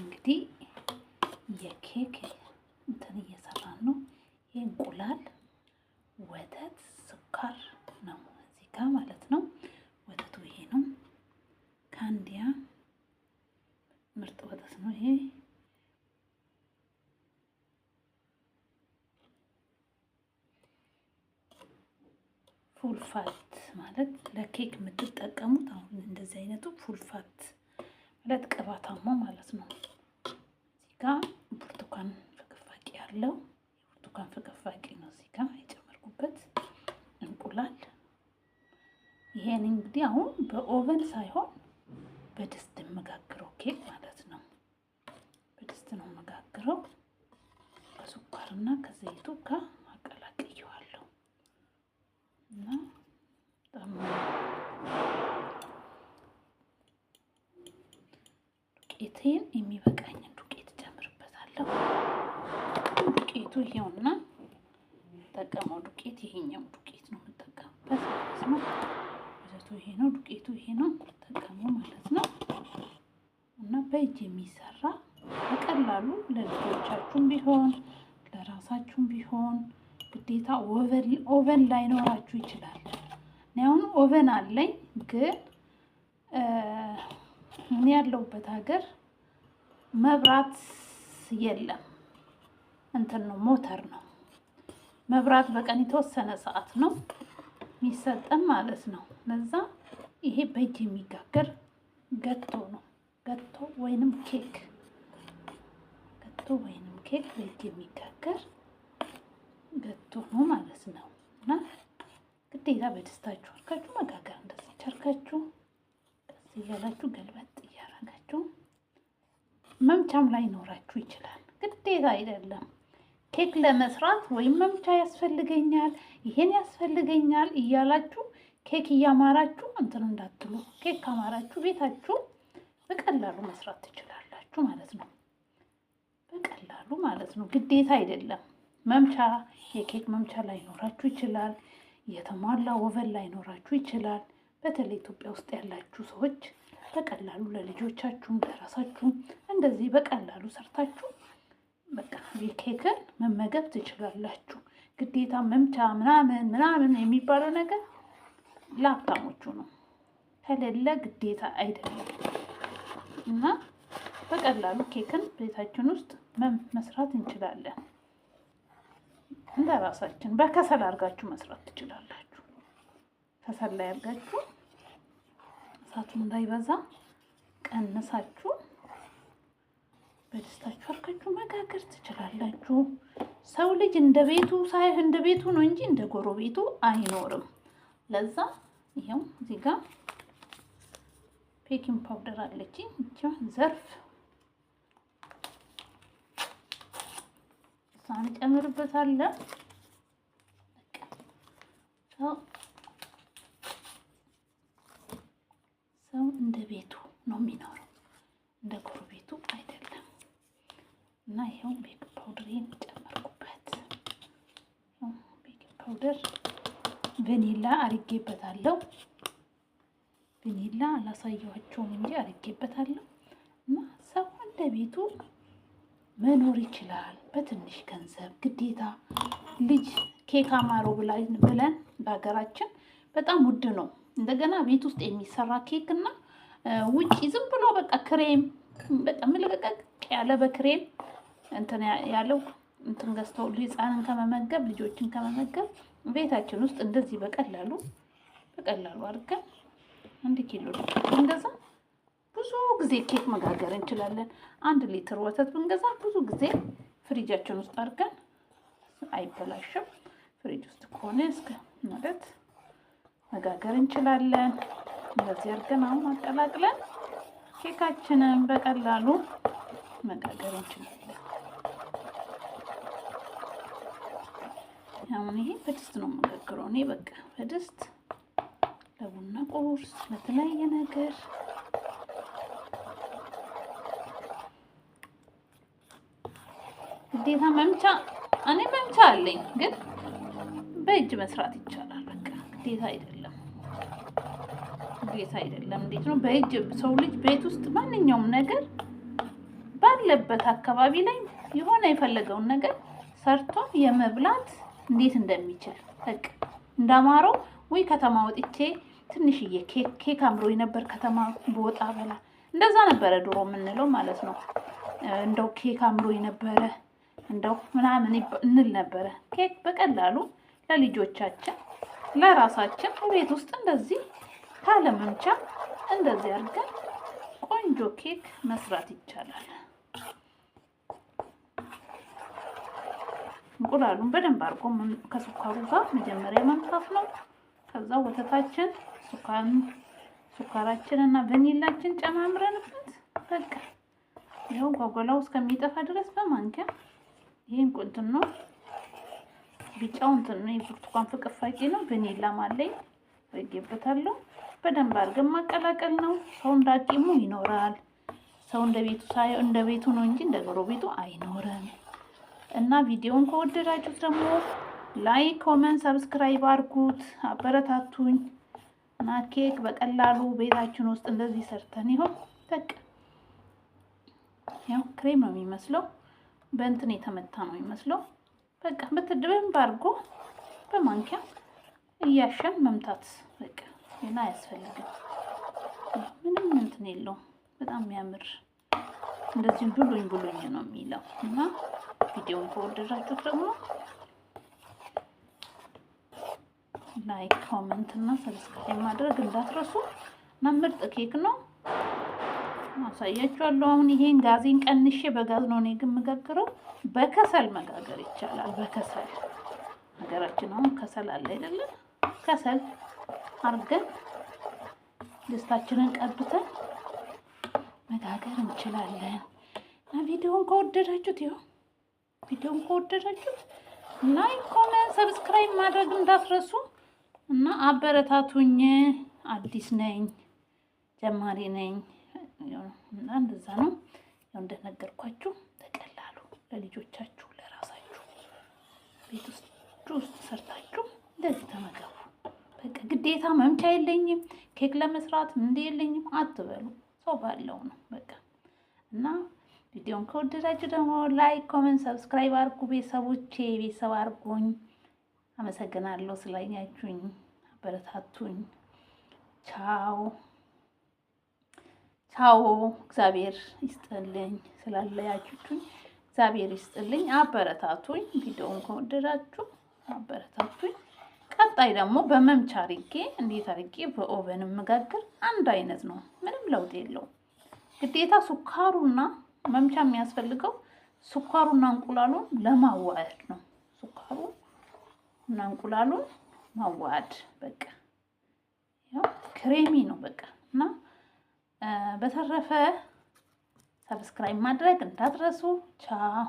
እንግዲህ የኬክ እንትን እየሰራን ነው። የእንቁላል ወተት፣ ስኳር ነው እዚህ ጋ ማለት ነው። ወተቱ ይሄ ነው። ካንዲያ ምርጥ ወተት ነው ይሄ ፉልፋት ማለት ለኬክ የምትጠቀሙት አሁን እንደዚህ አይነቱ ፉልፋት ሁለት ቅባታማ ማለት ነው። እዚህ ጋ ብርቱካን ፍቅፋቂ ያለው ብርቱካን ፍቅፋቂ ነው። እዚህ ጋ የጨመርኩበት እንቁላል ይሄን እንግዲህ አሁን በኦቨን ሳይሆን በድስት መጋግረው ኬክ ማለት ነው። በድስት ነው መጋግረው ከስኳርና ከዘይቱ ጋር ይህን የሚበቃኝን ዱቄት ጨምርበታለሁ። ዱቄቱ ይሄውና የምጠቀመው ዱቄት ይሄኛው ዱቄት ነው የምጠቀምበት ማለት ነው። ወዘቱ ይሄ ነው፣ ዱቄቱ ይሄ ነው የምጠቀመው ማለት ነው። እና በእጅ የሚሰራ በቀላሉ ለልጆቻችሁም ቢሆን ለራሳችሁም ቢሆን ግዴታ ኦቨን ላይኖራችሁ ይችላል። እኔ አሁን ኦቨን አለኝ ግን እኔ ያለሁበት ሀገር መብራት የለም። እንትን ነው ሞተር ነው። መብራት በቀን የተወሰነ ሰዓት ነው የሚሰጠን ማለት ነው። ለዛ ይሄ በእጅ የሚጋገር ገቶ ነው። ገቶ ወይንም ኬክ፣ ገቶ ወይንም ኬክ በእጅ የሚጋገር ገቶ ነው ማለት ነው። እና ግዴታ በደስታችሁ አድርጋችሁ መጋገር እንደዚህ አድርጋችሁ ቀስ እያላችሁ ገልበጥ እያደረጋችሁ መምቻም ላይ ኖራችሁ ይችላል። ግዴታ አይደለም። ኬክ ለመስራት ወይም መምቻ ያስፈልገኛል፣ ይሄን ያስፈልገኛል እያላችሁ ኬክ እያማራችሁ እንትን እንዳትሉ። ኬክ ካማራችሁ ቤታችሁ በቀላሉ መስራት ትችላላችሁ ማለት ነው። በቀላሉ ማለት ነው። ግዴታ አይደለም። መምቻ የኬክ መምቻ ላይኖራችሁ ይችላል። የተሟላ ወቨን ላይኖራችሁ ይችላል። በተለይ ኢትዮጵያ ውስጥ ያላችሁ ሰዎች በቀላሉ ለልጆቻችሁም ለራሳችሁም እንደዚህ በቀላሉ ሰርታችሁ በቃ ኬክን መመገብ ትችላላችሁ። ግዴታ መምቻ ምናምን ምናምን የሚባለው ነገር ለሀብታሞቹ ነው፣ ከሌለ ግዴታ አይደለም እና በቀላሉ ኬክን ቤታችን ውስጥ መስራት እንችላለን። እንደ ራሳችን በከሰል አድርጋችሁ መስራት ትችላላችሁ። ከሰል ላይ አድርጋችሁ እሳቱ እንዳይበዛ ቀንሳችሁ በደስታችሁ አርካችሁ መጋገር ትችላላችሁ። ሰው ልጅ እንደ ቤቱ ሳይህ እንደ ቤቱ ነው እንጂ እንደ ጎረቤቱ አይኖርም። ለዛ ይኸው እዚህ ጋ ቤኪንግ ፓውደር አለች እቺን ዘርፍ እሷን ጨምርበታለን። ፓውደር ቬኒላ አርጌበታለሁ። ቬኒላ አላሳየኋቸውም እንጂ አርጌበታለሁ እና ሰው እንደ ቤቱ መኖር ይችላል። በትንሽ ገንዘብ ግዴታ ልጅ ኬክ አማሮ ብለን በሀገራችን በጣም ውድ ነው። እንደገና ቤት ውስጥ የሚሰራ ኬክ እና ውጪ ዝም ብሎ በቃ ክሬም በቃ ምልቅቅ ያለ በክሬም እንትን ያለው እንትን ገዝተው ህፃንን ከመመገብ ልጆችን ከመመገብ ቤታችን ውስጥ እንደዚህ በቀላሉ በቀላሉ አድርገን አንድ ኪሎ ብንገዛ ብዙ ጊዜ ኬክ መጋገር እንችላለን። አንድ ሊትር ወተት ብንገዛ ብዙ ጊዜ ፍሪጃችን ውስጥ አድርገን አይበላሽም። ፍሪጅ ውስጥ ከሆነ እስከ ማለት መጋገር እንችላለን። እንደዚህ አድርገን አሁን አቀላቅለን ኬካችንን በቀላሉ መጋገር እንችላለን። አሁን ይሄ በድስት ነው የምጋግረው እኔ በቃ በድስት ለቡና ቁርስ፣ ለተለያየ ነገር ግዴታ መምቻ እኔ መምቻ አለኝ፣ ግን በእጅ መስራት ይቻላል። በቃ ግዴታ አይደለም፣ ግዴታ አይደለም። እንዴት ነው በእጅ ሰው ልጅ ቤት ውስጥ ማንኛውም ነገር ባለበት አካባቢ ላይ የሆነ የፈለገውን ነገር ሰርቶ የመብላት እንዴት እንደሚችል በቃ እንዳማረው ወይ ከተማ ወጥቼ ትንሽዬ ኬክ ኬክ አምሮ ነበር ከተማ በወጣ በላ እንደዛ ነበረ ድሮ የምንለው ማለት ነው። እንደው ኬክ አምሮ ነበረ እንደው ምናምን እንል ነበረ። ኬክ በቀላሉ ለልጆቻችን ለራሳችን ቤት ውስጥ እንደዚህ ካለመምቻ እንደዚህ አድርገን ቆንጆ ኬክ መስራት ይቻላል። እንቁላሉን በደንብ አድርጎ ከስኳሩ ጋር መጀመሪያ ማምሳት ነው። ከዛ ወተታችን ስኳራችን እና ቫኒላችን ጨማምረንበት በቃ ይኸው ጓጓላው እስከሚጠፋ ድረስ በማንኪያ ይህን ቁንትን ነው ቢጫው እንትን ነው የብርቱካን ፍቅፋቂ ነው። ቫኒላም ማለኝ በጌበታለሁ። በደንብ አድርገን ማቀላቀል ነው። ሰው እንዳቂሙ ይኖራል። ሰው እንደ ቤቱ ሳይሆን እንደ ቤቱ ነው እንጂ እንደ ጎረቤቱ አይኖርም። እና ቪዲዮውን ከወደዳችሁት ደግሞ ላይክ፣ ኮመንት፣ ሰብስክራይብ አድርጉት። አበረታቱኝ እና ኬክ በቀላሉ ቤታችን ውስጥ እንደዚህ ሰርተን ይሆን በቃ ያው ክሬም ነው የሚመስለው። በእንትን የተመታ ነው የሚመስለው። በቃ በትድብም ባርጎ በማንኪያ እያሸን መምታት በቃ ሌላ አያስፈልግም። ምንም እንትን የለውም። በጣም የሚያምር እንደዚህ ብሉኝ ብሉኝ ነው የሚለው እና ቪዲዮን ከወደዳችሁት ደግሞ ላይክ፣ ኮሜንት እና ሰብስክራይብ ማድረግ እንዳትረሱ። እና ምርጥ ኬክ ነው አሳያችኋለሁ። አሁን ይሄን ጋዜን ቀንሼ በጋዝ ነው እኔ ግን በከሰል መጋገር ይቻላል። በከሰል ሀገራችን አሁን ከሰል አለ አይደለም? ከሰል አርገን ደስታችንን ቀብተን መጋገር እንችላለን። እና ቪዲዮውን ከወደዳችሁት ይሁን ቪዲዮን ከወደዳችሁት ላይክ፣ ኮሜንት፣ ሰብስክራይብ ማድረግ እንዳትረሱ እና አበረታቱኝ። አዲስ ነኝ፣ ጀማሪ ነኝ እና እንደዛ ነው ያው እንደነገርኳችሁ በቀላሉ ለልጆቻችሁ ለራሳችሁ ቤት ውስጥ ውስጥ ሰርታችሁ እንደዚህ ተመገቡ። በቃ ግዴታ መምቻ የለኝም ኬክ ለመስራት ምንድ የለኝም አትበሉ። ሰው ባለው ነው በቃ እና ቪዲዮን ከወደዳችሁ ደግሞ ላይክ፣ ኮሜንት፣ ሰብስክራይብ አድርጉ። ቤተሰቦቼ ቤተሰብ አድርጉኝ። አመሰግናለሁ ስላያችሁኝ፣ አበረታቱኝ። ቻው ቻው። እግዚአብሔር ይስጥልኝ። ስላለያችሁኝ እግዚአብሔር ይስጥልኝ። አበረታቱኝ። ቪዲዮውን ከወደዳችሁ አበረታቱኝ። ቀጣይ ደግሞ በመምቻ አርጌ እንዴት አርጌ በኦቨን መጋገር አንድ አይነት ነው። ምንም ለውጥ የለውም። ግዴታ ሱካሩና መምቻ የሚያስፈልገው ስኳሩና እንቁላሉን ለማዋሃድ ነው። ስኳሩ እና እንቁላሉን ማዋሃድ በቃ ያው ክሬሚ ነው በቃ እና በተረፈ ሰብስክራይብ ማድረግ እንዳትረሱ። ቻው